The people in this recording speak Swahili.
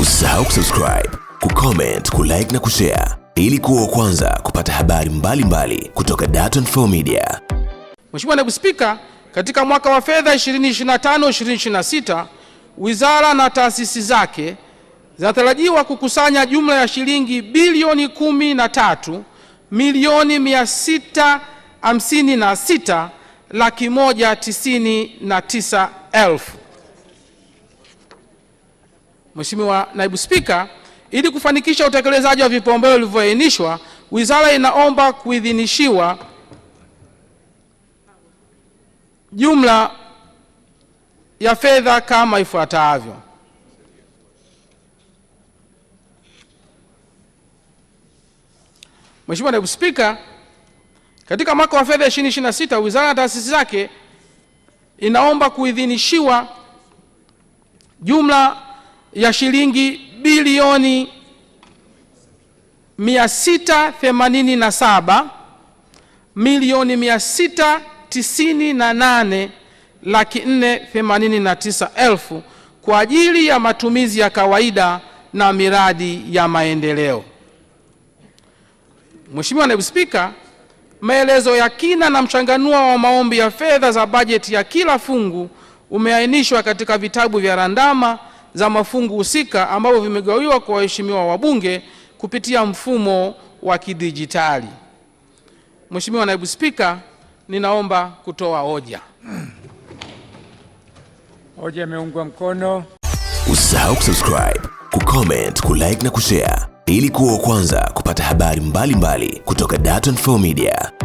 Usisahau kusubscribe, kucomment, kulike na kushare ili kuwa kwanza kupata habari mbalimbali mbali kutoka Dar24 Media. Mheshimiwa Naibu Spika, katika mwaka wa fedha 2025-2026 wizara na taasisi zake zinatarajiwa kukusanya jumla ya shilingi bilioni kumi na tatu milioni mia sita hamsini na sita laki moja tisini na tisa elfu Mheshimiwa Naibu Spika, ili kufanikisha utekelezaji wa vipaumbele vilivyoainishwa, wizara inaomba kuidhinishiwa jumla ya fedha kama ifuatavyo: Mheshimiwa Naibu Spika, katika mwaka wa fedha 2026 wizara na taasisi zake inaomba kuidhinishiwa jumla ya shilingi bilioni 687 milioni 698 laki nne themanini na tisa elfu kwa ajili ya matumizi ya kawaida na miradi ya maendeleo. Mheshimiwa Naibu Spika, maelezo ya kina na mchanganua wa maombi ya fedha za bajeti ya kila fungu umeainishwa katika vitabu vya randama za mafungu husika ambavyo vimegawiwa kwa waheshimiwa wabunge kupitia mfumo wa kidijitali. Mheshimiwa Naibu Spika, ninaomba kutoa hoja. Hoja imeungwa mkono. Usisahau kusubscribe, kucomment, kulike na kushare ili kuwa wa kwanza kupata habari mbalimbali mbali kutoka Dar24 Media.